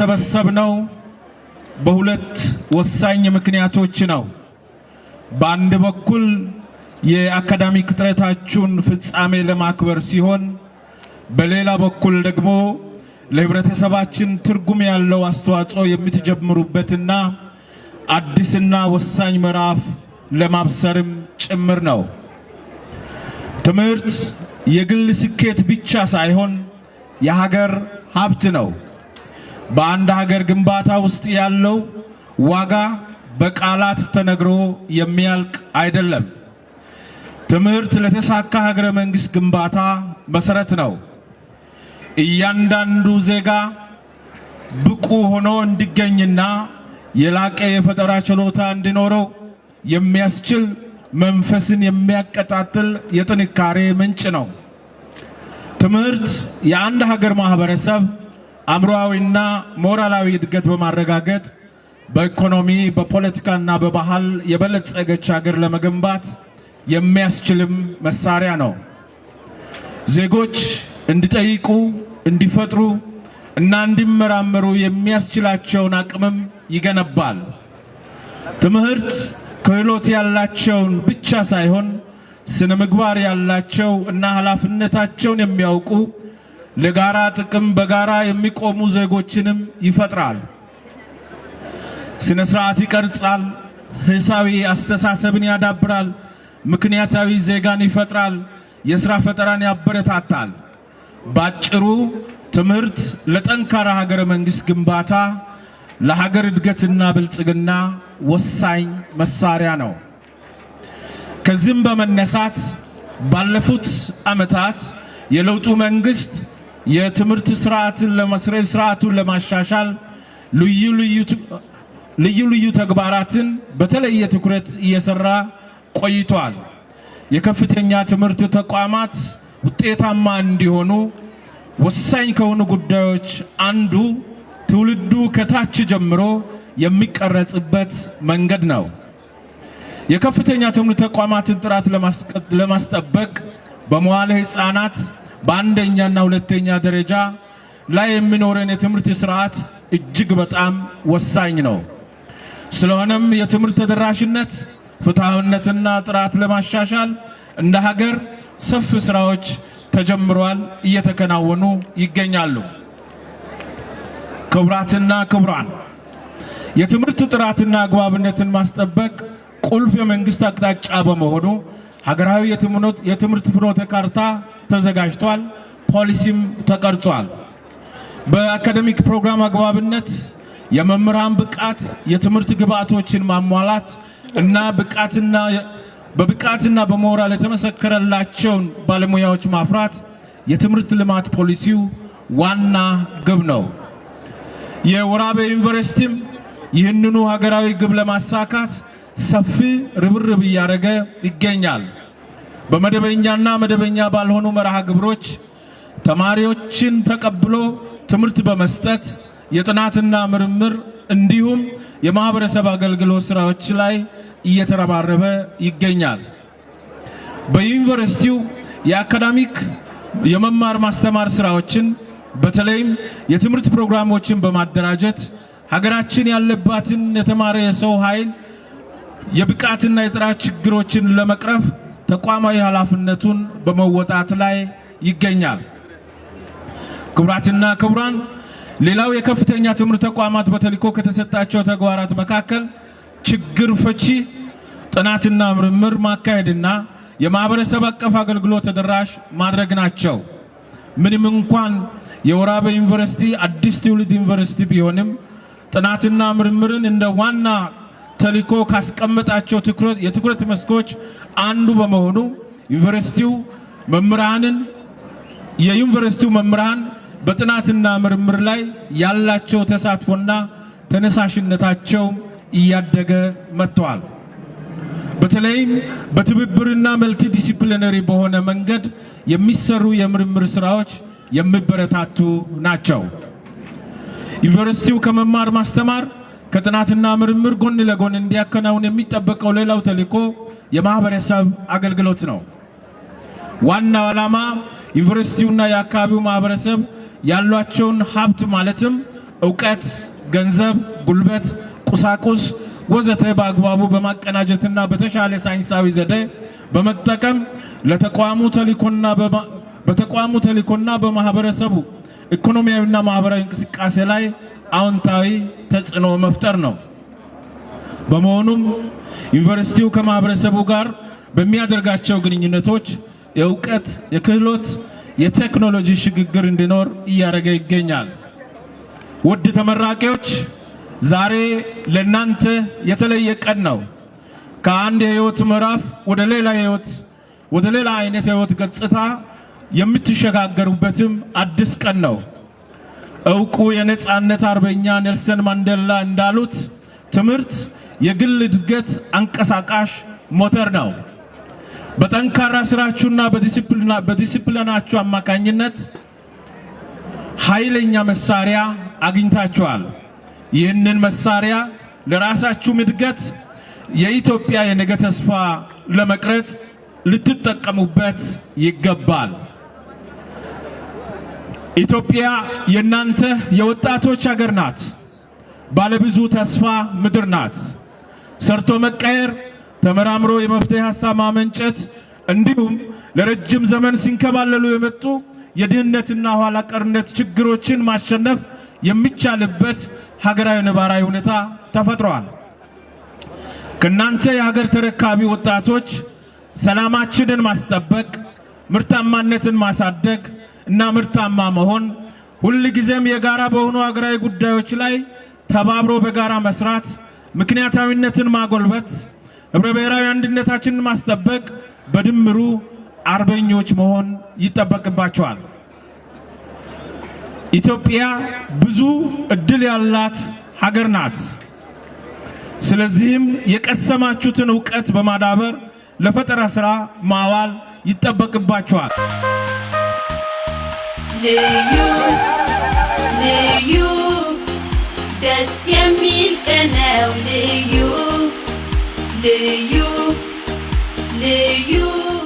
የተሰበሰብነው በሁለት ወሳኝ ምክንያቶች ነው። በአንድ በኩል የአካዳሚክ ጥረታችሁን ፍጻሜ ለማክበር ሲሆን፣ በሌላ በኩል ደግሞ ለህብረተሰባችን ትርጉም ያለው አስተዋጽኦ የምትጀምሩበትና አዲስና ወሳኝ ምዕራፍ ለማብሰርም ጭምር ነው። ትምህርት የግል ስኬት ብቻ ሳይሆን የሀገር ሀብት ነው። በአንድ ሀገር ግንባታ ውስጥ ያለው ዋጋ በቃላት ተነግሮ የሚያልቅ አይደለም። ትምህርት ለተሳካ ሀገረ መንግስት ግንባታ መሰረት ነው። እያንዳንዱ ዜጋ ብቁ ሆኖ እንዲገኝና የላቀ የፈጠራ ችሎታ እንዲኖረው የሚያስችል መንፈስን የሚያቀጣጥል የጥንካሬ ምንጭ ነው። ትምህርት የአንድ ሀገር ማህበረሰብ አእምሮአዊና ሞራላዊ እድገት በማረጋገጥ በኢኮኖሚ በፖለቲካና በባህል የበለጸገች ሀገር ለመገንባት የሚያስችልም መሳሪያ ነው። ዜጎች እንዲጠይቁ፣ እንዲፈጥሩ እና እንዲመራመሩ የሚያስችላቸውን አቅምም ይገነባል። ትምህርት ክህሎት ያላቸውን ብቻ ሳይሆን ስነ ምግባር ያላቸው እና ኃላፊነታቸውን የሚያውቁ ለጋራ ጥቅም በጋራ የሚቆሙ ዜጎችንም ይፈጥራል። ስነ ስርዓት ይቀርጻል። ህሳዊ አስተሳሰብን ያዳብራል። ምክንያታዊ ዜጋን ይፈጥራል። የስራ ፈጠራን ያበረታታል። ባጭሩ ትምህርት ለጠንካራ ሀገረ መንግስት ግንባታ ለሀገር እድገትና ብልጽግና ወሳኝ መሳሪያ ነው። ከዚህም በመነሳት ባለፉት ዓመታት የለውጡ መንግስት የትምህርት ስርዓትን ለመስረት ስርዓቱን ለማሻሻል ልዩ ልዩ ተግባራትን በተለየ ትኩረት እየሰራ ቆይቷል። የከፍተኛ ትምህርት ተቋማት ውጤታማ እንዲሆኑ ወሳኝ ከሆኑ ጉዳዮች አንዱ ትውልዱ ከታች ጀምሮ የሚቀረጽበት መንገድ ነው። የከፍተኛ ትምህርት ተቋማትን ጥራት ለማስጠበቅ በመዋለ ህፃናት። በአንደኛና ሁለተኛ ደረጃ ላይ የሚኖረን የትምህርት ስርዓት እጅግ በጣም ወሳኝ ነው። ስለሆነም የትምህርት ተደራሽነት ፍትሐዊነትና ጥራት ለማሻሻል እንደ ሀገር ሰፊ ስራዎች ተጀምረዋል፣ እየተከናወኑ ይገኛሉ። ክቡራትና ክቡራን፣ የትምህርት ጥራትና አግባብነትን ማስጠበቅ ቁልፍ የመንግስት አቅጣጫ በመሆኑ ሀገራዊ የትምህርት ፍኖተ ካርታ ተዘጋጅቷል። ፖሊሲም ተቀርጿል። በአካደሚክ ፕሮግራም አግባብነት የመምህራን ብቃት የትምህርት ግብዓቶችን ማሟላት እና ብቃትና በብቃትና በሞራል የተመሰከረላቸውን ባለሙያዎች ማፍራት የትምህርት ልማት ፖሊሲው ዋና ግብ ነው። የወራቤ ዩኒቨርሲቲም ይህንኑ ሀገራዊ ግብ ለማሳካት ሰፊ ርብርብ እያደረገ ይገኛል። በመደበኛና መደበኛ ባልሆኑ መርሃ ግብሮች ተማሪዎችን ተቀብሎ ትምህርት በመስጠት የጥናትና ምርምር እንዲሁም የማህበረሰብ አገልግሎት ስራዎች ላይ እየተረባረበ ይገኛል። በዩኒቨርሲቲው የአካዳሚክ የመማር ማስተማር ስራዎችን በተለይም የትምህርት ፕሮግራሞችን በማደራጀት ሀገራችን ያለባትን የተማረ የሰው ኃይል የብቃትና የጥራት ችግሮችን ለመቅረፍ ተቋማዊ ኃላፊነቱን በመወጣት ላይ ይገኛል። ክቡራትና ክቡራን፣ ሌላው የከፍተኛ ትምህርት ተቋማት በተልዕኮ ከተሰጣቸው ተግባራት መካከል ችግር ፈቺ ጥናትና ምርምር ማካሄድና የማህበረሰብ አቀፍ አገልግሎት ተደራሽ ማድረግ ናቸው። ምንም እንኳን የወራቤ ዩኒቨርሲቲ አዲስ ትውልድ ዩኒቨርሲቲ ቢሆንም ጥናትና ምርምርን እንደ ዋና ተልኮ ካስቀመጣቸው የትኩረት መስኮች አንዱ በመሆኑ ዩኒቨርሲቲው መምህራንን የዩኒቨርሲቲው መምህራን በጥናትና ምርምር ላይ ያላቸው ተሳትፎና ተነሳሽነታቸው እያደገ መጥተዋል። በተለይም በትብብርና መልቲ ዲሲፕሊነሪ በሆነ መንገድ የሚሰሩ የምርምር ስራዎች የሚበረታቱ ናቸው። ዩኒቨርሲቲው ከመማር ማስተማር ከጥናትና ምርምር ጎን ለጎን እንዲያከናውን የሚጠበቀው ሌላው ተልዕኮ የማህበረሰብ አገልግሎት ነው። ዋናው ዓላማ ዩኒቨርሲቲውና የአካባቢው ማህበረሰብ ያሏቸውን ሀብት ማለትም እውቀት፣ ገንዘብ፣ ጉልበት፣ ቁሳቁስ ወዘተ በአግባቡ በማቀናጀትና በተሻለ ሳይንሳዊ ዘዴ በመጠቀም ለተቋሙ ተልዕኮና በተቋሙ ተልዕኮና በማህበረሰቡ ኢኮኖሚያዊና ማህበራዊ እንቅስቃሴ ላይ አዎንታዊ ተጽዕኖ መፍጠር ነው። በመሆኑም ዩኒቨርሲቲው ከማህበረሰቡ ጋር በሚያደርጋቸው ግንኙነቶች የእውቀት፣ የክህሎት፣ የቴክኖሎጂ ሽግግር እንዲኖር እያደረገ ይገኛል። ውድ ተመራቂዎች ዛሬ ለእናንተ የተለየ ቀን ነው። ከአንድ የህይወት ምዕራፍ ወደ ሌላ ህይወት ወደ ሌላ አይነት የህይወት ገጽታ የምትሸጋገሩበትም አዲስ ቀን ነው። እውቁ የነፃነት አርበኛ ኔልሰን ማንዴላ እንዳሉት ትምህርት የግል እድገት አንቀሳቃሽ ሞተር ነው። በጠንካራ ስራችሁና በዲሲፕሊናችሁ አማካኝነት ኃይለኛ መሳሪያ አግኝታችኋል። ይህንን መሳሪያ ለራሳችሁም እድገት የኢትዮጵያ የነገ ተስፋ ለመቅረጽ ልትጠቀሙበት ይገባል። ኢትዮጵያ የእናንተ የወጣቶች ሀገር ናት። ባለብዙ ተስፋ ምድር ናት። ሰርቶ መቀየር፣ ተመራምሮ የመፍትሄ ሀሳብ ማመንጨት እንዲሁም ለረጅም ዘመን ሲንከባለሉ የመጡ የድህነትና ኋላ ቀርነት ችግሮችን ማሸነፍ የሚቻልበት ሀገራዊ ነባራዊ ሁኔታ ተፈጥሯል። ከእናንተ የሀገር ተረካቢ ወጣቶች ሰላማችንን ማስጠበቅ፣ ምርታማነትን ማሳደግ እና ምርታማ መሆን፣ ጊዜም የጋራ በሆኑ አገራዊ ጉዳዮች ላይ ተባብሮ በጋራ መስራት፣ ምክንያታዊነትን ማጎልበት፣ ህብረ ብሔራዊ አንድነታችንን ማስጠበቅ፣ በድምሩ አርበኞች መሆን ይጠበቅባቸዋል። ኢትዮጵያ ብዙ እድል ያላት ሀገር ናት። ስለዚህም የቀሰማችሁትን እውቀት በማዳበር ለፈጠራ ስራ ማዋል ይጠበቅባቸዋል። Le you, le you, de cien mil teneu, near you, near you, near you.